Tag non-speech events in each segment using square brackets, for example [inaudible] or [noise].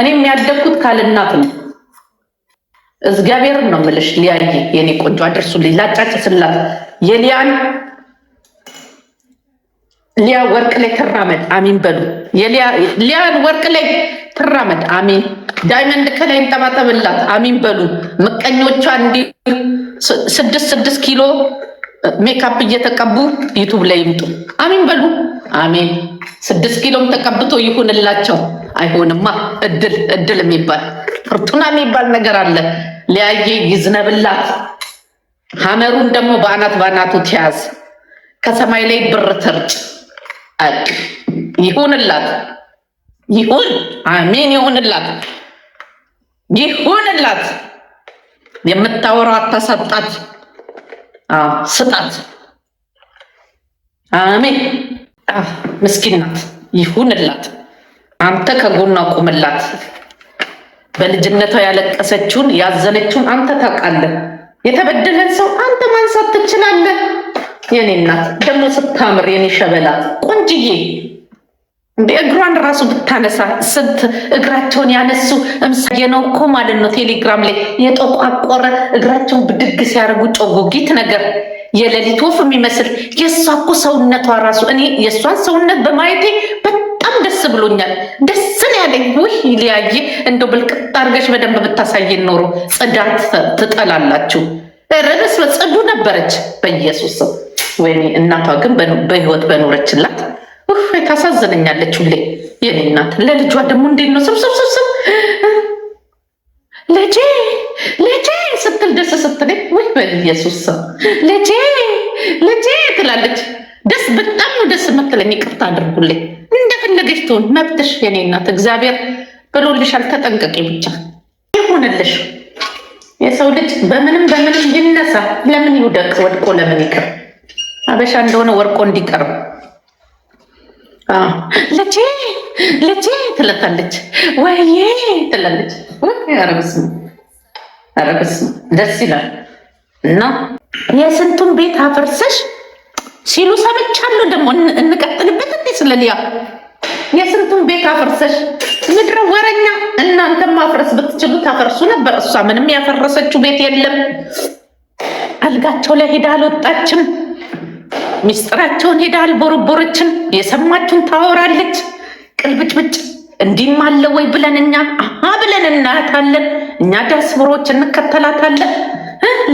እኔም ያደግኩት ካልናት ነው። እግዚአብሔርን ነው የምልሽ። ሊያየ የኔ ቆንጆ አድርሱልኝ፣ ላጫጭስላት የሊያን ሊያ ወርቅ ላይ ትራመድ፣ አሚን በሉ። ሊያን ወርቅ ላይ ትራመድ፣ አሚን። ዳይመንድ ከላይ እንጠባጠብላት፣ አሚን በሉ። ምቀኞቿ እንዲ ስድስት ስድስት ኪሎ ሜካፕ እየተቀቡ ዩቱብ ላይ ይምጡ፣ አሚን በሉ። አሚን። ስድስት ኪሎም ተቀብቶ ይሁንላቸው። አይሆንማ። እድል እድል የሚባል ፍርቱና የሚባል ነገር አለ። ሊያየ ይዝነብላት። ሀመሩን ደግሞ በአናት በአናቱ ትያዝ፣ ከሰማይ ላይ ብር ትርጭ። ይሁንላት፣ ይሁን አሜን፣ ይሁንላት፣ ይሁንላት። የምታወራው አታሳጣት፣ ስጣት። አሜን። ምስኪናት ይሁንላት። አንተ ከጎኗ ቁምላት። በልጅነቷ ያለቀሰችውን ያዘነችውን አንተ ታውቃለህ። የተበደለን ሰው አንተ ማንሳት ትችላለህ። የኔ እናት ደግሞ ስታምር የኔ ሸበላት ቆንጅዬ እግሯን ራሱ ብታነሳ ስንት እግራቸውን ያነሱ እምሳ ነው እኮ ማለት ነው። ቴሌግራም ላይ የጠቋቆረ እግራቸውን ብድግ ሲያደርጉ ጮጎጊት ነገር የሌሊት ወፍ የሚመስል የእሷ እኮ ሰውነቷ ራሱ እኔ የእሷን ሰውነት በማየቴ ደስ ብሎኛል። ደስ ነው ያለኝ። ውይ ሊያየ እንደ ብልቅጥ አድርገሽ በደንብ ብታሳየን ኖሮ ጽዳት ትጠላላችሁ። ረደስ ጽዱ ነበረች በኢየሱስ ወይ ወይኔ እናቷ ግን በህይወት በኖረችላት ታሳዝነኛለች ሁሌ የኔ እናት። ለልጇ ደግሞ እንዴት ነው ስብስብስብስብ ልጄ ልጄ ስትል ደስ ስትል ውይ በኢየሱስ ልጄ ልጄ ትላለች። ደስ በጣም ነው ደስ የምትለኝ። ይቅርታ አድርጉልኝ። እንደፈለገች ትሆን መብትሽ፣ የኔ እናት እግዚአብሔር ብሎልሻል። ተጠንቀቂ ብቻ ይሆንልሽ። የሰው ልጅ በምንም በምንም ይነሳ፣ ለምን ይውደቅ? ወድቆ ለምን ይቅር? አበሻ እንደሆነ ወርቆ እንዲቀርብ ልቼ ልቼ ትለታለች፣ ወይዬ ትላለች። ኧረ በስመ ደስ ይላል እና የስንቱን ቤት አፈርሰሽ ሲሉ ሰምቻለሁ። ደግሞ እንቀጥልበት እንዴ? ስለ ሊያ የስንቱን ቤት አፈርሰሽ ምድረ ወረኛ። እናንተ ማፍረስ ብትችሉ ታፈርሱ ነበር። እሷ ምንም ያፈረሰችው ቤት የለም። አልጋቸው ላይ ሄዳ አልወጣችም። ሚስጥራቸውን ሄዳ አልቦረቦረችን። የሰማችሁን ታወራለች። ብጭ እንዲህም አለ ወይ ብለን እኛ አሀ ብለን እናያታለን። እኛ ዲያስፖሮች እንከተላታለን።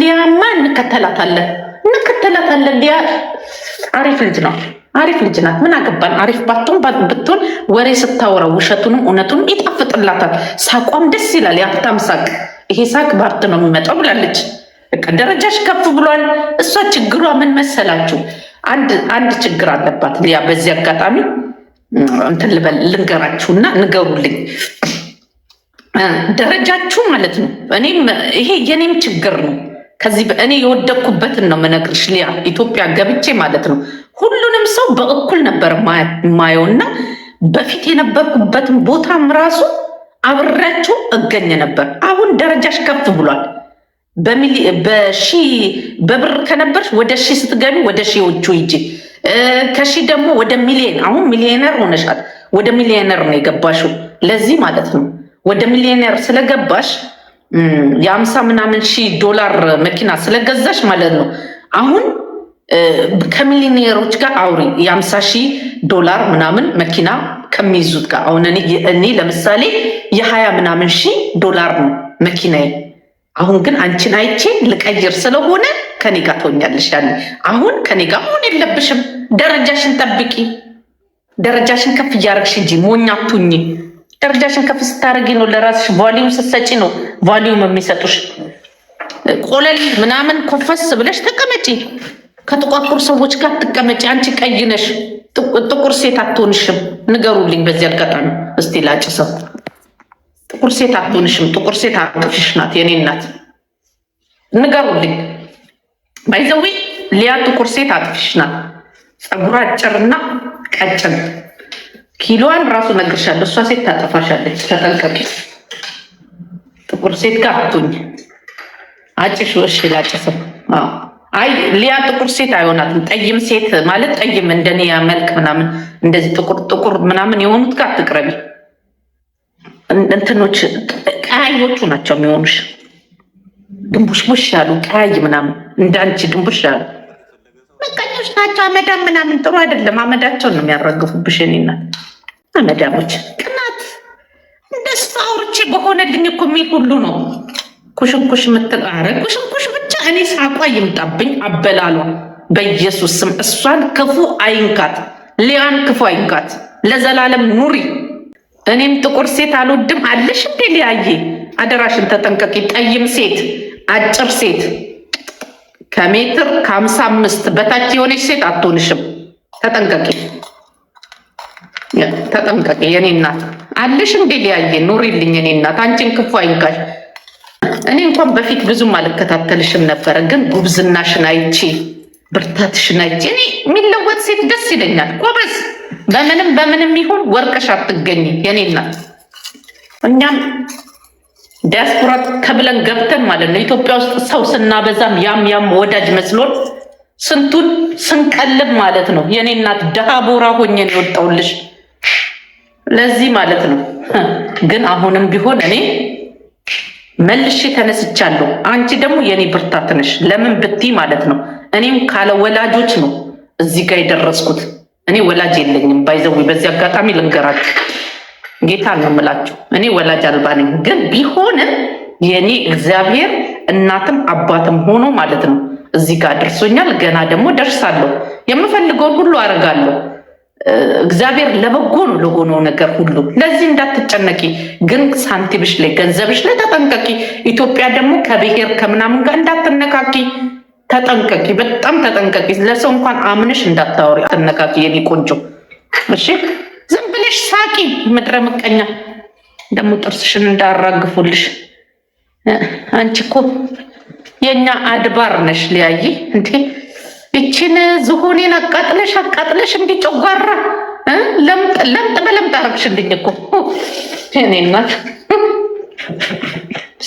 ሊያማ እንከተላታለን እንከተላታለን። ሊያ አሪፍ ልጅ ነው። አሪፍ ልጅ ናት። ምን አገባን? አሪፍ ባትሆን ብትሆን ወሬ ስታወራው ውሸቱንም እውነቱንም ይጣፍጥላታል። ሳቋም ደስ ይላል። የሀብታም ሳቅ። ይሄ ሳቅ ባርት ነው የሚመጣው ብላለች። ደረጃሽ ከፍ ብሏል። እሷ ችግሯ ምን መሰላችሁ? አንድ ችግር አለባት ሊያ። በዚህ አጋጣሚ እንትን ልንገራችሁ እና ንገሩልኝ። ደረጃችሁ ማለት ነው። እኔም ይሄ የኔም ችግር ነው ከዚህ እኔ የወደኩበትን ነው የምነግርሽ። ሊያ ኢትዮጵያ ገብቼ ማለት ነው ሁሉንም ሰው በእኩል ነበር እና በፊት የነበርኩበትን ቦታም ራሱ አብሬያቸው እገኘ ነበር። አሁን ደረጃሽ ከፍ ብሏል። በሺ በብር ከነበርሽ ወደ ሺ ስትገቢ ወደ ሺዎቹ ይጂ ከሺ ደግሞ ወደ ሚሊዮን አሁን ሚሊዮነር ሆነሻል። ወደ ሚሊዮነር ነው የገባሽው። ለዚህ ማለት ነው ወደ ሚሊዮነር ስለገባሽ የአምሳ ምናምን ሺህ ዶላር መኪና ስለገዛሽ ማለት ነው። አሁን ከሚሊኒየሮች ጋር አውሪ የአምሳ ሺህ ዶላር ምናምን መኪና ከሚይዙት ጋር አሁን እኔ ለምሳሌ የሀያ ምናምን ሺህ ዶላር ነው መኪናዬ። አሁን ግን አንቺን አይቼ ልቀይር ስለሆነ ከኔ ጋር ትሆኛለሽ ያለ አሁን ከኔ ጋር መሆን የለብሽም። ደረጃሽን ጠብቂ፣ ደረጃሽን ከፍ እያደረግሽ እንጂ ሞኛቱኝ። ደረጃሽን ከፍ ስታደርጊ ነው ለራስሽ ቫሊዩም ስትሰጪ ነው ቫሊዩም የሚሰጡሽ። ቆለል ምናምን ኮፈስ ብለሽ ተቀመጪ። ከጥቋቁር ሰዎች ጋር ትቀመጪ። አንቺ ቀይ ነሽ፣ ጥቁር ሴት አትሆንሽም። ንገሩልኝ በዚህ አጋጣሚ እስቲ ላጭ ሰው ጥቁር ሴት አትሆንሽም። ጥቁር ሴት አቅፍሽ ናት የኔ ናት። ንገሩልኝ ባይዘዊ ሊያ ጥቁር ሴት አቅፍሽ ናት። ፀጉሯ አጭርና ቀጭን ኪሎዋን ራሱ ነግርሻለሁ። እሷ ሴት ታጠፋሻለች፣ ተጠንቀቂ። ጥቁር ሴት ጋር አትሁኝ። አጭሽ እሺ፣ ላጭስም። አይ ሊያ ጥቁር ሴት አይሆናትም። ጠይም ሴት ማለት ጠይም እንደኔ መልክ ምናምን እንደዚህ ጥቁር ጥቁር ምናምን የሆኑት ጋር አትቅረቢ። እንትኖች ቀያዮቹ ናቸው የሚሆኑሽ፣ ድንቡሽቡሽ ያሉ ቀያይ ምናምን እንዳንቺ ድንቡሽ ያሉ አመዳሞች ናቸው። አመዳም ምናምን ጥሩ አይደለም። አመዳቸውን ነው የሚያረግፉብሽ። እኔና አመዳሞች ቅናት እንደሱ አውርቼ በሆነልኝ እኮ የሚል ሁሉ ነው። ኩሽንኩሽ የምትለው ኧረ ኩሽንኩሽ ብቻ እኔ ሳቋ ይምጣብኝ አበላሏ። በኢየሱስ ስም እሷን ክፉ አይንካት፣ ሊያን ክፉ አይንካት። ለዘላለም ኑሪ። እኔም ጥቁር ሴት አልወድም አለሽ እንዴ? ሊያዬ አደራሽን ተጠንቀቂ። ጠይም ሴት፣ አጭር ሴት ከሜትር ከሀምሳ አምስት በታች የሆነች ሴት አትሆንሽም። ተጠንቀቂ ተጠንቀቂ። የኔ እናት አለሽ እንዴ ሊያየ ኑሪልኝ። እኔ እናት አንቺን ክፉ አይንካሽ። እኔ እንኳን በፊት ብዙም አልከታተልሽም ነበረ፣ ግን ጉብዝናሽን አይቼ ብርታትሽን አይቼ እኔ የሚለወጥ ሴት ደስ ይለኛል። ጎበዝ፣ በምንም በምንም ይሁን ወርቀሽ አትገኝ የኔ እናት እኛም ዲያስፖራ ተብለን ገብተን ማለት ነው ኢትዮጵያ ውስጥ ሰው ስናበዛም ያም ያም ወዳጅ መስሎን ስንቱን ስንቀልብ ማለት ነው። የኔ እናት ደሃ ቦራ ሆኜን የወጣውልሽ ለዚህ ማለት ነው። ግን አሁንም ቢሆን እኔ መልሼ ተነስቻለሁ። አንቺ ደግሞ የኔ ብርታት ነሽ። ለምን ብቲ ማለት ነው እኔም ካለ ወላጆች ነው እዚህ ጋር የደረስኩት። እኔ ወላጅ የለኝም ባይዘዊ። በዚህ አጋጣሚ ልንገራችሁ ጌታ ነው የምላቸው። እኔ ወላጅ አልባ ነኝ፣ ግን ቢሆንም የኔ እግዚአብሔር እናትም አባትም ሆኖ ማለት ነው እዚህ ጋር ደርሶኛል። ገና ደግሞ ደርሳለሁ። የምፈልገውን ሁሉ አደርጋለሁ። እግዚአብሔር ለበጎ ነው ለሆነው ነገር ሁሉ። ለዚህ እንዳትጨነቂ፣ ግን ሳንቲምሽ ላይ ገንዘብሽ ላይ ተጠንቀቂ። ኢትዮጵያ ደግሞ ከብሔር ከምናምን ጋር እንዳትነካኪ ተጠንቀቂ፣ በጣም ተጠንቀቂ። ለሰው እንኳን አምንሽ እንዳታወሪ፣ አትነካኪ የኔ ቆንጆ እሺ። ትንሽ ሳቂ፣ ምድረ ምቀኛ ደግሞ ጥርስሽን እንዳራግፉልሽ። አንቺ እኮ የእኛ አድባር ነሽ። ሊያይ እንዴ ይቺን ዝሆኔን አቃጥለሽ አቃጥለሽ እንዲጨጓራ ለምጥ ለምጥ በለምጥ አረግሽ እንድኝ እኮ እኔ እናት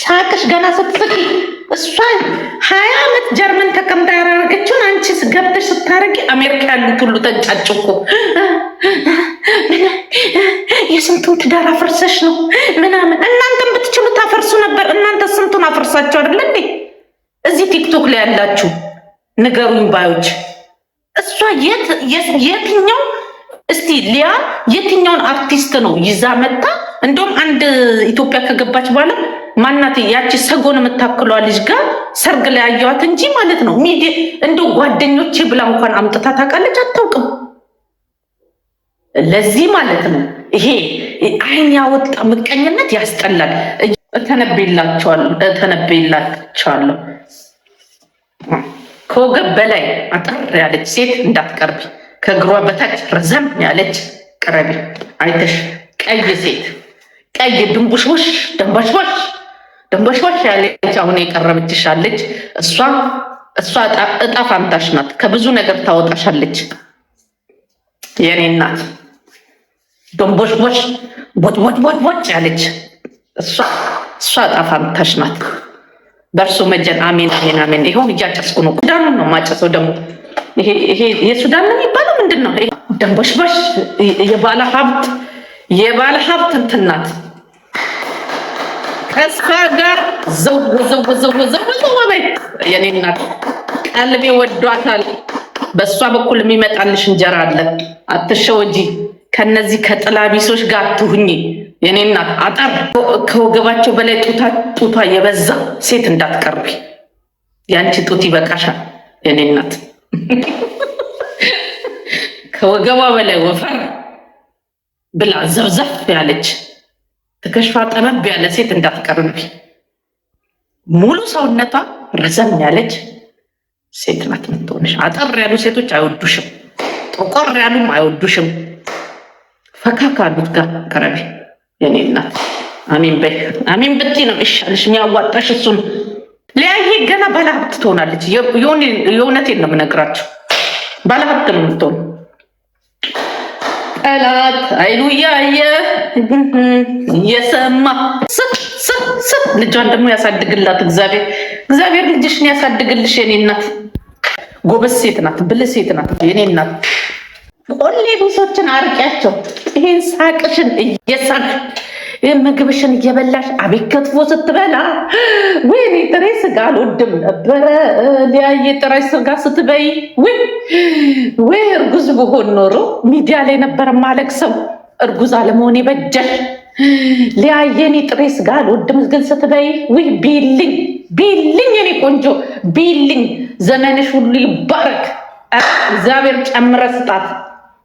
ሳቅሽ ገና ስትስቂ እሷ ሀያ አመት ጀርመን ተቀምጣ ያራረገችውን አንቺ ገብተሽ ስታረጊ አሜሪካ ያሉት ሁሉ ተንጫጩ የስንቱን ትዳር አፈርሰሽ ነው ምናምን። እናንተን ብትችሉ ታፈርሱ ነበር። እናንተ ስንቱን አፈርሳችሁ አይደለ እንዴ? እዚህ ቲክቶክ ላይ ያላችሁ ንገሩኝ ባዮች። እሷ የትኛው እስቲ ሊያ የትኛውን አርቲስት ነው ይዛ መጣ? እንደውም አንድ ኢትዮጵያ ከገባች በኋላ ማናት ያቺ ሰጎን የምታክሏ ልጅ ጋር ሰርግ ላይ ያየዋት እንጂ ማለት ነው። ሚዲ እንደ ጓደኞቼ ብላ እንኳን አምጥታ ታውቃለች አታውቅም። ለዚህ ማለት ነው ይሄ አይን ያወጣ ምቀኝነት ያስጠላል። እተነበይላቸዋለሁ። ከወገብ በላይ አጠር ያለች ሴት እንዳትቀርቢ፣ ከእግሯ በታች ረዘም ያለች ቅረቢ። አይተሽ ቀይ ሴት ቀይ ድንቡሽቡሽ ደንባሽባሽ ደንቦሾሽ ያለች አሁን የቀረበችሻለች እሷ እሷ እጣ ፋንታሽ ናት። ከብዙ ነገር ታወጣሻለች የኔ እናት። ደንቦሽቦሽ ቦጭቦጭቦጭ ያለች እሷ እሷ እጣ ፋንታሽ ናት። በእርሱ መጀን አሜን፣ አሜን፣ አሜን። ይሆን እያጨስኩ ነው። ሱዳኑ ነው ማጨሰው ደግሞ የሱዳን ነው የሚባለው ምንድን ነው? ደንቦሽቦሽ የባለ ሀብት የባለ ሀብት እንትን ናት። ከእሷ ጋር ዘው ዘው ዘው ዘው በይ። የኔ እናት ቀልቤ ወዷታል። በእሷ በኩል የሚመጣልሽ እንጀራ አለ። አትሸወጂ። ከነዚህ ከጥላቢሶች ጋር አትሁኝ። የኔ እናት አጠር ከወገባቸው በላይ ጡቷ የበዛ ሴት እንዳትቀርቢ። የአንቺ ጡት ይበቃሻል። የኔ እናት ከወገቧ በላይ ወፈር ብላ ዘብዘፍ ያለች ትከሻ ጠበብ ያለ ሴት እንዳትቀርብ ሙሉ ሰውነቷ ረዘም ያለች ሴት ናት የምትሆንሽ። አጠር ያሉ ሴቶች አይወዱሽም፣ ጠቆር ያሉም አይወዱሽም። ፈካ ካሉት ጋር ቅረቢ የኔ እናት። አሚን በይ አሚን ብቲ ነው ይሻልሽ፣ የሚያዋጣሽ እሱን። ሊያየ ገና ባለሀብት ትሆናለች። የእውነቴን ነው የምነግራቸው፣ ባለሀብት ነው የምትሆን ጠላት አይኑ እያየ እየሰማ ልጇን ደግሞ ያሳድግላት እግዚአብሔር። እግዚአብሔር ልጅሽን ያሳድግልሽ። የኔ እናት ጎበዝ ሴት ናት፣ ብልህ ሴት ናት። የኔ እናት ቆሌ ቢሶችን አርቂያቸው። ይህን ሳቅሽን እየሳቅ ምግብሽን እየበላሽ አቤት ከትፎ ስትበላ ወይኔ ጥሬ ስጋ አልወድም ነበረ። ሊያየ ጥሬ ስጋ ስትበይ ወይ እርጉዝ ብሆን ኖሮ ሚዲያ ላይ ነበር ማለቅ ሰው እርጉዝ አለመሆን በጀሽ። ሊያየኔ ጥሬ ስጋ አልወድም ግን ስትበይ ውይ ቢልኝ ቢልኝ፣ የኔ ቆንጆ ቢልኝ። ዘመንሽ ሁሉ ይባረክ። እግዚአብሔር ጨምረ ስጣት።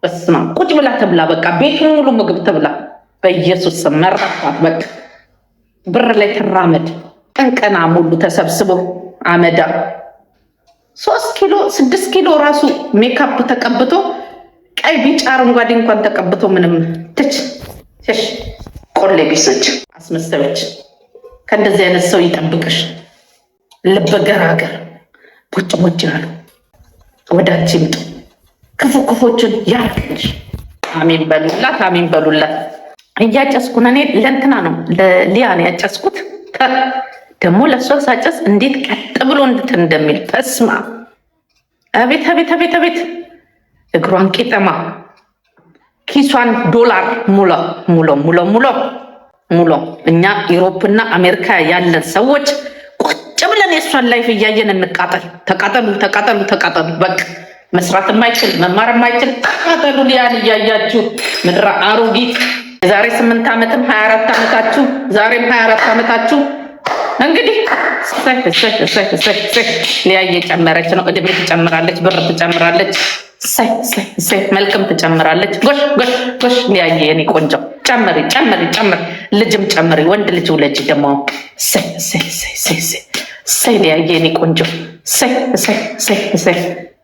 እስማ ቁጭ ብላ ተብላ፣ በቃ ቤቱን ሙሉ ምግብ ትብላ። በኢየሱስ ስም መረጥኳት። በቃ ብር ላይ ትራመድ። ቀንቀና ሙሉ ተሰብስቦ አመዳ ሶስት ኪሎ ስድስት ኪሎ ራሱ ሜካፕ ተቀብቶ ቀይ፣ ቢጫ፣ አረንጓዴ እንኳን ተቀብቶ ምንም ትች ሽ ቆሌ ቢሶች አስመሰለች። ከእንደዚህ አይነት ሰው ይጠብቅሽ። ልበ ገራገር ቦጭ ቦጭ ያሉ ወዳጅ ይምጡ። ክፉ ክፎችን ያርቅልሽ። አሜን በሉላት፣ አሜን በሉላት። እያጨስኩን እኔ ለእንትና ነው ሊያ ነው ያጨስኩት። ደግሞ ለእሷ ሳጨስ እንዴት ቀጥ ብሎ እንድትን እንደሚል ተስማ አቤት አቤት አቤት አቤት እግሯን ቄጠማ ኪሷን ዶላር ሙሎ ሙሎ ሙሎ ሙሎ ሙሎ እኛ ኢሮፕና አሜሪካ ያለን ሰዎች ቁጭ ብለን የእሷን ላይፍ እያየን እንቃጠል። ተቃጠሉ ተቃጠሉ ተቃጠሉ። በቃ መስራት የማይችል መማር የማይችል ተቃጠሉ። ሊያን እያያችሁ ምድረ አሮጊት የዛሬ ስምንት ዓመትም ሀያ አራት ዓመታችሁ ዛሬም ሀያ አራት ዓመታችሁ እንግዲህ ሊያ እየጨመረች ነው። እድሜ ትጨምራለች፣ ብር ትጨምራለች፣ መልክም ትጨምራለች። ጎሽ ጎሽ ጎሽ ሊያ የኔ ቆንጆ ጨምሪ ጨምሪ ጨምሪ፣ ልጅም ጨምሪ፣ ወንድ ልጅ ውለጅ ደግሞ ሰይ የኔ ቆንጆ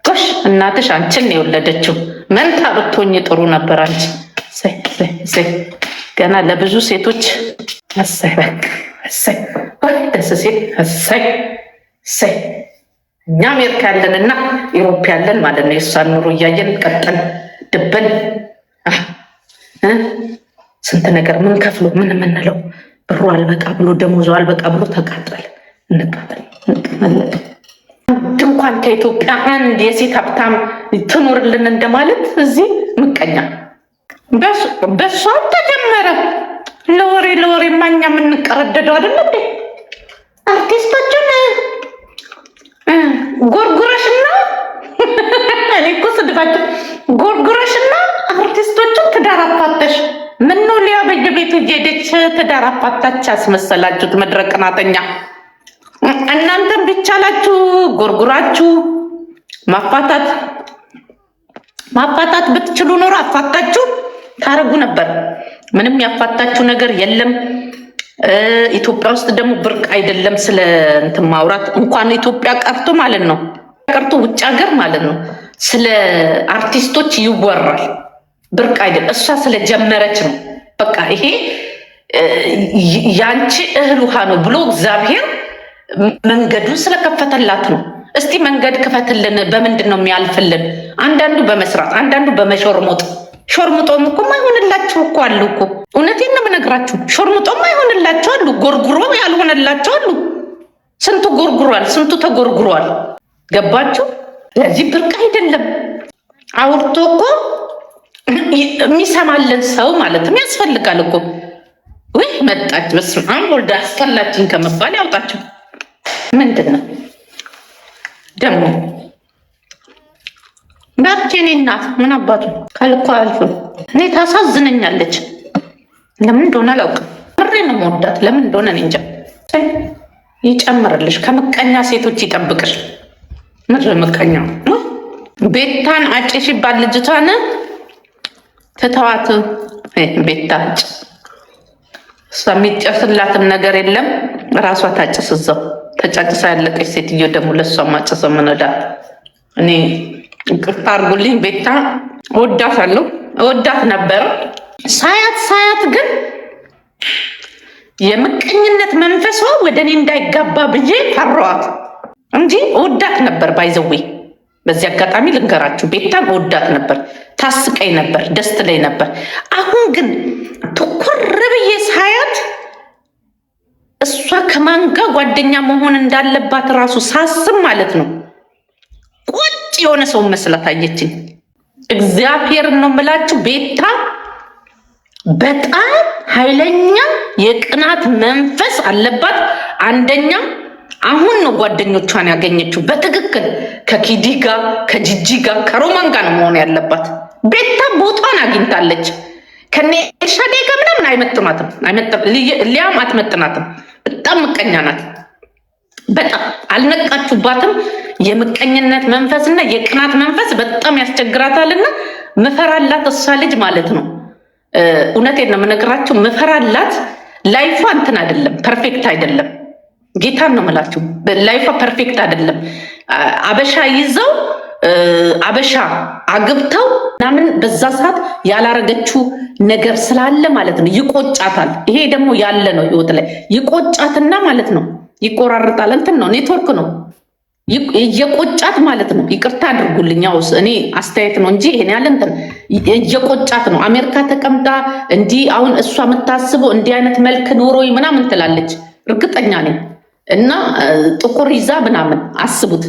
ጎሽ እናትሽ አንቺን የወለደችው መንታ ብትሆኝ ጥሩ ነበር አንቺ ገና ለብዙ ሴቶች ደስ ሲል እኛ አሜሪካ ያለን እና ኢሮፕ ያለን ማለት ነው የእሷን ኑሮ እያየን ቀጠን ድበን ስንት ነገር ምን ከፍሎ ምን የምንለው ብሩ አልበቃ ብሎ ደሞዞ አልበቃ ብሎ ተቃጠል እንቃጠል እንቀመለጥ። አንድ እንኳን ከኢትዮጵያ አንድ የሴት ሀብታም ትኖርልን እንደማለት እዚህ ምቀኛ በሷ ተጀመረ። ለወሬ ለወሬ ማኛ የምንቀረደደው አይደለ እንዴ? አርቲስቶችን ጎርጉረሽና [laughs] እኔ እኮ ስድባቸው ጎርጉረሽና አርቲስቶችን ትዳር አፋተሽ ምነው ሊያ በየቤቱ እየሄደች ትዳር አፋታች ያስመሰላችሁት መድረክ ቅናተኛ። እናንተም ቢቻላችሁ ጎርጉራችሁ ማፋታት ማፋታት ብትችሉ ኖሮ አፋታችሁ ታረጉ ነበር። ምንም ያፋታችሁ ነገር የለም። ኢትዮጵያ ውስጥ ደግሞ ብርቅ አይደለም ስለ እንትን ማውራት እንኳን ኢትዮጵያ ቀርቶ ማለት ነው ቀርቶ ውጭ ሀገር ማለት ነው ስለ አርቲስቶች ይወራል። ብርቅ አይደለም። እሷ ስለጀመረች ነው። በቃ ይሄ ያንቺ እህል ውሃ ነው ብሎ እግዚአብሔር መንገዱን ስለከፈተላት ነው። እስቲ መንገድ ክፈትልን። በምንድን ነው የሚያልፍልን? አንዳንዱ በመስራት አንዳንዱ በመሾርሞጥ ሾርሙጦም እኮ ማይሆንላቸው እኮ አሉ እኮ እውነቴን ነው የምነግራችሁ። ሾርሙጦም ማይሆንላቸው አሉ፣ ጎርጉሮ ያልሆነላቸው አሉ። ስንቱ ጎርጉሯል፣ ስንቱ ተጎርጉሯል። ገባችሁ? ለዚህ ብርቅ አይደለም። አውርቶ እኮ የሚሰማለን ሰው ማለትም ያስፈልጋል እኮ ወይ መጣች። በስመ አብ ወልድ አስፈላችን ከመባል ያውጣቸው። ምንድን ነው ደግሞ ዳርቼ እናት ምን አባቱ ከልኳ አልፉ እኔ ታሳዝነኛለች። ለምን እንደሆነ አላውቅም። ምሬ ነው መወዳት። ለምን እንደሆነ እኔ እንጃ። ይጨምርልሽ፣ ከምቀኛ ሴቶች ይጠብቅሽ። ምር ምቀኛ ቤታን አጭሽ ይባል ልጅቷን ትተዋት ቤታ አጭ። እሷ የሚጨስላትም ነገር የለም ራሷ ታጭስ እዛው ተጫጭሳ ያለቀች ሴትዮ ደግሞ ለእሷ ማጭሰ ምንዳ እኔ ቅርታ አድርጉልኝ። ቤታ እወዳታለሁ፣ እወዳት ነበር ሳያት ሳያት ግን የምቀኝነት መንፈሷ ወደ እኔ እንዳይጋባ ብዬ ፈራዋት እንጂ እወዳት ነበር። ባይዘዌ በዚህ አጋጣሚ ልንገራችሁ፣ ቤታ ወዳት ነበር፣ ታስቀኝ ነበር፣ ደስ ትለኝ ነበር። አሁን ግን ትኩር ብዬ ሳያት እሷ ከማንጋ ጓደኛ መሆን እንዳለባት እራሱ ሳስብ ማለት ነው የሆነ ሰው መስላ ታየችኝ። እግዚአብሔር ነው የምላችሁ ቤታ በጣም ኃይለኛ የቅናት መንፈስ አለባት። አንደኛ አሁን ነው ጓደኞቿን ያገኘችው። በትክክል ከኪዲ ጋር ከጂጂ ጋር ከሮማን ጋር ነው መሆን ያለባት። ቤታ ቦታን አግኝታለች። ከኔ ኤርሻዴ ጋር ምናምን አይመጥናትም፣ ሊያም አትመጥናትም። በጣም ምቀኛ ናት። በጣም አልነቃችሁባትም። የምቀኝነት መንፈስና የቅናት መንፈስ በጣም ያስቸግራታልና ምፈራላት እሷ ልጅ ማለት ነው። እውነቴን ነው የምነግራችሁ። ምፈራላት ላይፏ እንትን አይደለም፣ ፐርፌክት አይደለም። ጌታን ነው የምላችሁ። ላይፏ ፐርፌክት አይደለም። አበሻ ይዘው አበሻ አግብተው ምናምን በዛ ሰዓት ያላረገችው ነገር ስላለ ማለት ነው ይቆጫታል። ይሄ ደግሞ ያለ ነው ህይወት ላይ ይቆጫትና ማለት ነው ይቆራርጣል። እንትን ነው ኔትወርክ ነው የቆጫት ማለት ነው። ይቅርታ አድርጉልኝ። ያው እኔ አስተያየት ነው እንጂ ይሄን ያለ እንትን የቆጫት ነው። አሜሪካ ተቀምጣ እንዲህ አሁን እሷ የምታስበው እንዲህ አይነት መልክ ኖሮኝ ምናምን ትላለች፣ እርግጠኛ ነኝ። እና ጥቁር ይዛ ምናምን አስቡት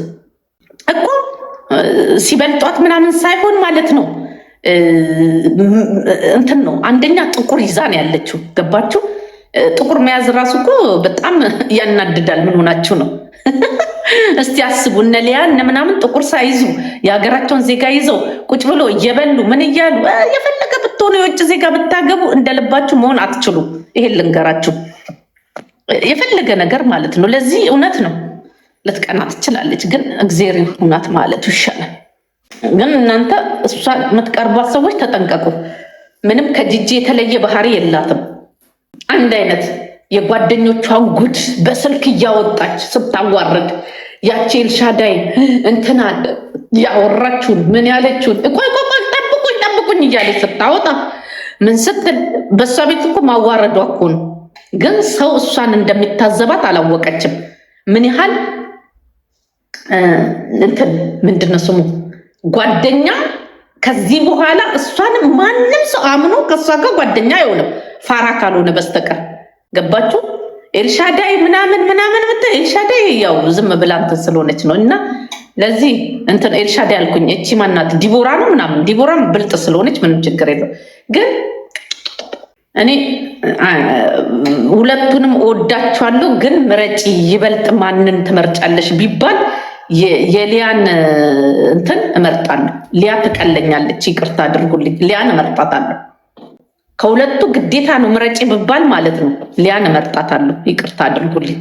እኮ ሲበልጧት ምናምን ሳይሆን ማለት ነው እንትን ነው። አንደኛ ጥቁር ይዛ ነው ያለችው። ገባችሁ? ጥቁር መያዝ ራሱ እኮ በጣም ያናድዳል። ምን ሆናችሁ ነው? [laughs] እስቲ አስቡ። እነ ሊያ እነ ምናምን ጥቁር ሳይዙ የሀገራቸውን ዜጋ ይዘው ቁጭ ብሎ እየበሉ ምን እያሉ የፈለገ ብትሆኑ የውጭ ዜጋ ብታገቡ እንደልባችሁ መሆን አትችሉ። ይሄን ልንገራችሁ፣ የፈለገ ነገር ማለት ነው። ለዚህ እውነት ነው ልትቀና ትችላለች፣ ግን እግዜር ሁናት ማለቱ ይሻላል። ግን እናንተ እሷ የምትቀርቧት ሰዎች ተጠንቀቁ። ምንም ከጂጂ የተለየ ባህሪ የላትም። አንድ አይነት የጓደኞቿን ጉድ በስልክ እያወጣች ስታዋረድ ያቺ ኤልሻዳይ እንትና ያወራችሁን ምን ያለችውን ቆይ ቆይ ጠብቁኝ ጠብቁኝ እያለች ስታወጣ ምን ስትል በእሷ ቤት እኮ ማዋረዷ እኮ ነው። ግን ሰው እሷን እንደሚታዘባት አላወቀችም። ምን ያህል እንትን ምንድን ነው ስሙ ጓደኛ ከዚህ በኋላ እሷን ማንም ሰው አምኖ ከእሷ ጋር ጓደኛ አይሆንም፣ ፋራ ካልሆነ በስተቀር ገባችሁ? ኤልሻዳይ ምናምን ምናምን ምት ኤልሻዳይ ያው ዝም ብላ እንትን ስለሆነች ነው። እና ለዚህ እንትን ኤልሻዳይ አልኩኝ። እቺ ማናት? ዲቦራ ነው ምናምን። ዲቦራም ብልጥ ስለሆነች ምንም ችግር የለው። ግን እኔ ሁለቱንም እወዳቸዋለሁ። ግን ምረጪ፣ ይበልጥ ማንን ትመርጫለሽ ቢባል የሊያን እንትን እመርጣለሁ። ሊያ ትቀለኛለች። ይቅርታ አድርጉልኝ። ሊያን እመርጣታለሁ። ከሁለቱ ግዴታ ነው ምረጭ ብባል ማለት ነው ሊያን እመርጣታለሁ። ይቅርታ አድርጉልኝ።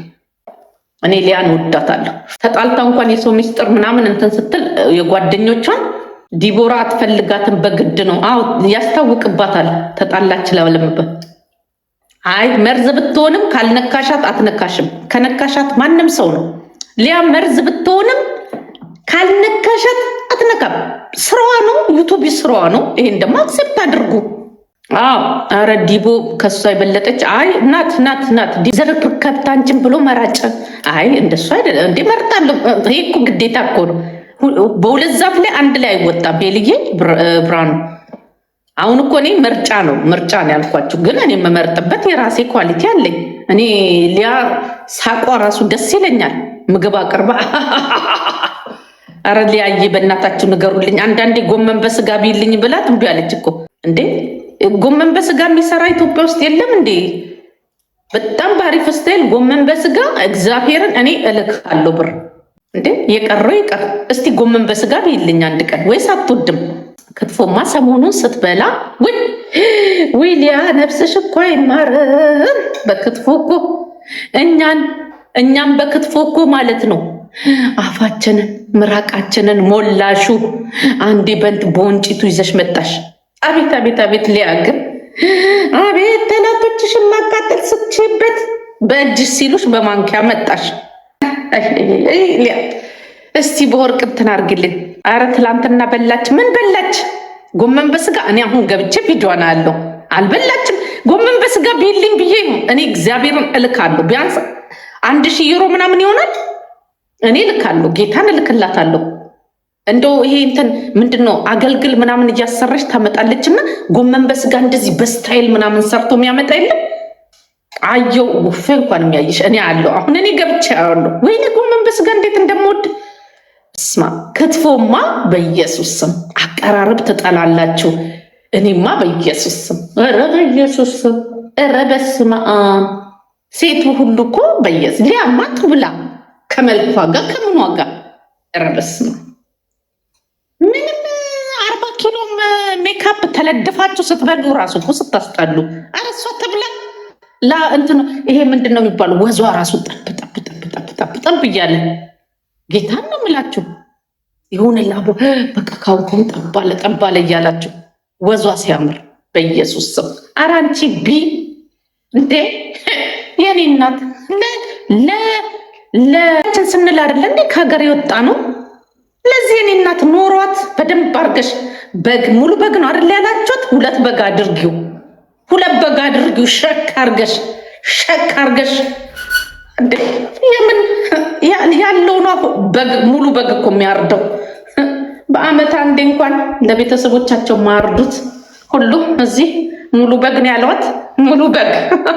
እኔ ሊያን ውዳታለሁ ተጣልታ እንኳን የሰው ሚስጥር ምናምን እንትን ስትል የጓደኞቿን ዲቦራ አትፈልጋትን በግድ ነው። አዎ ያስታውቅባታል። ተጣላች ለምበት አይ መርዝ ብትሆንም ካልነካሻት አትነካሽም። ከነካሻት ማንም ሰው ነው ሊያ መርዝ ብትሆንም ካልነካሸት አትነካም። ስራዋ ነው፣ ዩቱብ ስራዋ ነው። ይሄን ደግሞ አክሴፕት አድርጉ። አዎ አረ ዲቦ ከሷ የበለጠች አይ ናት ናት ናት ዘርክ ከብታንችን ብሎ መራጨ። አይ እንደሱ አይደለም እንዴ መርጣለሁ። ይሄ እኮ ግዴታ እኮ ነው። በሁለት ዛፍ ላይ አንድ ላይ አይወጣም። ሄልዬ ብርሃኑ አሁን እኮ እኔ ምርጫ ነው ምርጫ ነው ያልኳችሁ፣ ግን እኔ የምመርጥበት የራሴ ኳሊቲ አለኝ። እኔ ሊያ ሳቋ ራሱ ደስ ይለኛል። ምግብ አቅርባ አረ ሊያዬ በእናታችሁ ንገሩልኝ፣ አንዳንዴ ጎመን በስጋ ቢልኝ ብላት እምቢ አለች እኮ እንዴ። ጎመን በስጋ የሚሰራ ኢትዮጵያ ውስጥ የለም እንዴ? በጣም በአሪፍ ስታይል ጎመን በስጋ እግዚአብሔርን እኔ እልካለሁ ብር እንዴ። የቀረው ይቀር። እስቲ ጎመን በስጋ ቢልኝ አንድ ቀን። ወይስ አትወድም? ክትፎማ ሰሞኑን ስትበላ ውይ ዊሊያ ነፍስሽ እኮ ይማረን። በክትፎ እኮ እኛን እኛም በክትፎ እኮ ማለት ነው አፋችንን ምራቃችንን ሞላሹ። አንዴ በንት በወንጭቱ ይዘሽ መጣሽ። አቤት አቤት አቤት ሊያግም አቤት ተላቶችሽ ማቃጠል ስችበት በእጅሽ ሲሉሽ በማንኪያ መጣሽ። እስቲ በወርቅ እንትን አድርግልኝ አረ ትላንትና በላች። ምን በላች? ጎመን በስጋ። እኔ አሁን ገብቼ ቪዲዮን አለው አልበላችም። ጎመን በስጋ ቢልኝ ብዬ እኔ እግዚአብሔርን እልካለሁ። ቢያንስ አንድ ሺህ ዩሮ ምናምን ይሆናል። እኔ እልካለሁ፣ ጌታን እልክላታለሁ። እንደው ይሄ እንትን ምንድን ነው አገልግል ምናምን እያሰራች ታመጣለች። እና ጎመን በስጋ እንደዚህ በስታይል ምናምን ሰርቶ የሚያመጣ የለም። አየው ውፌ እንኳን የሚያይሽ እኔ አለው። አሁን እኔ ገብቼ አለው። ወይኔ ጎመን በስጋ እንዴት እንደምወድ ስማ ክትፎማ በኢየሱስ ስም አቀራረብ ትጠላላችሁ። እኔማ በኢየሱስ ስም ኧረ በኢየሱስ ስም ኧረ በስመ አብ ሴቱ ሁሉ እኮ በኢየሱስ ሊያማ ትብላ ከመልኳ ጋር ከምኗ ጋር ኧረ በስመ አብ ምንም አርባ ኪሎም ሜካፕ ተለድፋችሁ ስትበሉ ራሱ እኮ ስታስጣሉ ኧረ እሷ ትብላ ላ እንትን ይሄ ምንድን ነው የሚባለው ወዟ ራሱ ጠብ ጠብ ጠብ ጠብ ጠብ እያለ ጌታን ነው የምላችሁ። የሆነ ላቦ በቃ ካውኩም ጠባለ ጠባለ እያላችሁ ወዟ ሲያምር በኢየሱስ ስም አራንቺ ቢ እንዴ የኔ እናት ለችን ስንል አደለ እንዴ ከሀገር የወጣ ነው። ለዚህ የኔ እናት ኖሯት በደንብ አድርገሽ በግ ሙሉ በግ ነው አደለ ያላችሁት። ሁለት በግ አድርጊው፣ ሁለት በግ አድርጊው ሸክ አርገሽ ሸክ አርገሽ ያለው ነው። በግ ሙሉ በግ እኮ የሚያርደው በአመት አንዴ እንኳን ለቤተሰቦቻቸው ማርዱት ሁሉ እዚህ ሙሉ በግ ነው ያለዋት። ሙሉ በግ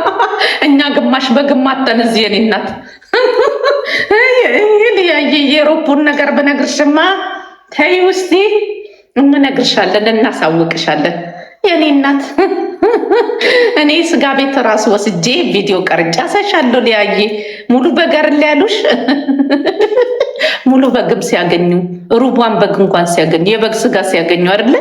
[laughs] እኛ ግማሽ በግ ማጠን እዚህ የኔ እናት [laughs] የሮቡን ነገር ብነግርሽማ ተይ ውስጢ እንነግርሻለን፣ እናሳውቅሻለን። የኔ እናት እኔ ስጋ ቤት ራሱ ወስጄ ቪዲዮ ቀርጫ አሳይሻለሁ። ሊያየ ሙሉ በጋር ሊያሉሽ ሙሉ በግም ሲያገኙ ሩቧን በግ እንኳን ሲያገኙ የበግ ስጋ ሲያገኙ አይደለ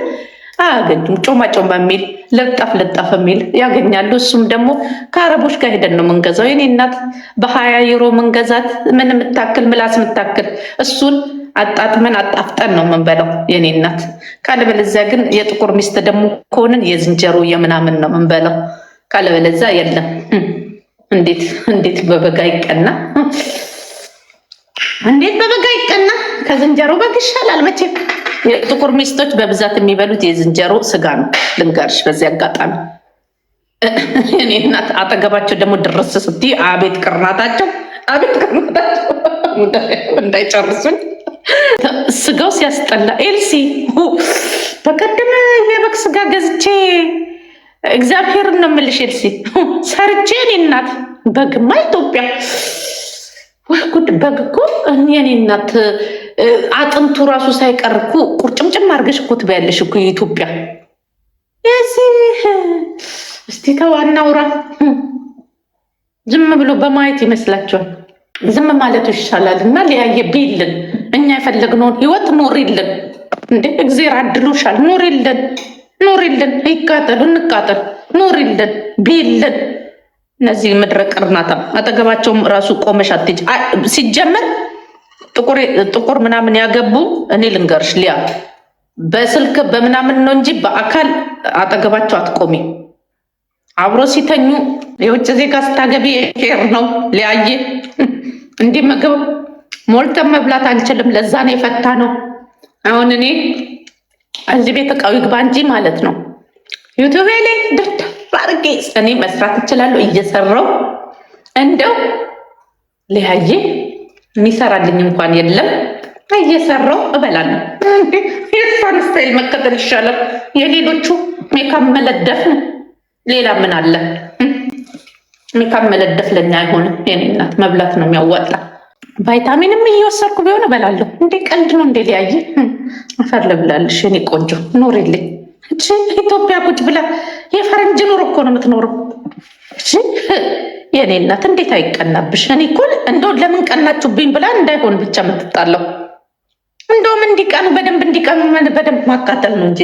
አያገኙም። ጮማ ጮማ የሚል ለጣፍ ለጣፍ የሚል ያገኛሉ። እሱም ደግሞ ከአረቦች ጋር ሄደን ነው የምንገዛው። የኔ እናት በሀያ ዩሮ ምንገዛት ምን ምታክል ምላስ ምታክል እሱን አጣጥመን አጣፍጠን ነው የምንበላው የኔ እናት። ካለበለዚያ ግን የጥቁር ሚስት ደግሞ ከሆንን የዝንጀሮ የምናምን ነው የምንበላው። ካለበለዚያ የለም። እንዴት እንዴት በበጋ ይቀና፣ እንዴት በበጋ ይቀና። ከዝንጀሮ በግ ይሻላል መቼም። የጥቁር ሚስቶች በብዛት የሚበሉት የዝንጀሮ ስጋ ነው። ልንገርሽ በዚህ አጋጣሚ እኔ እናት አጠገባቸው ደግሞ ድረስ ስትይ አቤት ቅርናታቸው፣ አቤት ቅርናታቸው እንዳይጨርሱኝ ስጋው ሲያስጠላ። ኤልሲ በቀደም የበግ ስጋ ገዝቼ እግዚአብሔርን ነው የምልሽ ኤልሲ ሰርቼ እኔ እናት በግማ ኢትዮጵያ ወይ ጉድ በግ እኮ የኔ እናት አጥንቱ ራሱ ሳይቀር እኮ ቁርጭምጭም አድርገሽ እኮ ትበያለሽ እኮ የኢትዮጵያ የዚህ እስቲ ተዋና ውራ ዝም ብሎ በማየት ይመስላቸዋል። ዝም ማለቱ ይሻላል እና ሊያየ ቢልን እኛ የፈለግነውን ህይወት ኖሪልን። እንደ እግዜር አድሎሻል። ኖሪልን፣ ኖሪልን፣ ይቃጠሉ እንቃጠል፣ ኖሪልን፣ ቤልን። እነዚህ ምድረ እርናታ አጠገባቸውም ራሱ ቆመሽ አትሄጂ። ሲጀመር ጥቁር ምናምን ያገቡ እኔ ልንገርሽ ሊያ በስልክ በምናምን ነው እንጂ በአካል አጠገባቸው አትቆሚ። አብሮ ሲተኙ የውጭ ዜጋ ስታገቢ ሄር ነው ሊያየ እንዲህ ምግብ ሞልተን መብላት አንችልም። ለዛ ነው የፈታ ነው። አሁን እኔ እዚህ ቤት እቃው ይግባ እንጂ ማለት ነው ዩቱቤ ላይ ደድ ባርጌ እኔ መስራት እችላለሁ። እየሰራው እንደው ሊያየ የሚሰራልኝ እንኳን የለም። እየሰራው እበላለሁ። የእሷን ስታይል መከተል ይሻላል። የሌሎቹ ሜካፕ መለደፍ ሌላ ምን አለ? ሜካፕ መለደፍ ለኛ አይሆንም። የኔ እናት መብላት ነው የሚያዋጣ ቫይታሚንም እየወሰድኩ ቢሆን እበላለሁ። እንዴ ቀልድ ነው እንዴ? ሊያየ አፈር ልብላልሽ የኔ ቆንጆ ኑሪልኝ። እቺ ኢትዮጵያ ቁጭ ብላ የፈረንጅ ኑሮ እኮ ነው የምትኖረው። እቺ የእኔ እናት እንዴት አይቀናብሽ? እኔ እኮ እንደው ለምን ቀናችሁብኝ ብላ እንዳይሆን ብቻ የምትጣለው እንደውም እንዲቀኑ በደንብ እንዲቀኑ በደንብ ማቃጠል ነው እንጂ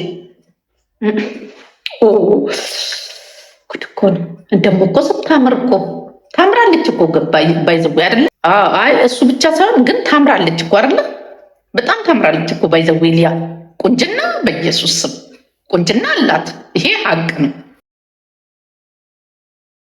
ጉድ እኮ ነው። ደግሞ እኮ ስታምር እኮ ታምራለች እኮ ባይዘዌ አይደለ? አይ እሱ ብቻ ሳይሆን ግን ታምራለች እኮ አይደለ? በጣም ታምራለች እኮ ባይዘጉ ሊያ ቁንጅና፣ በኢየሱስ ስም ቁንጅና አላት። ይሄ ሀቅ ነው።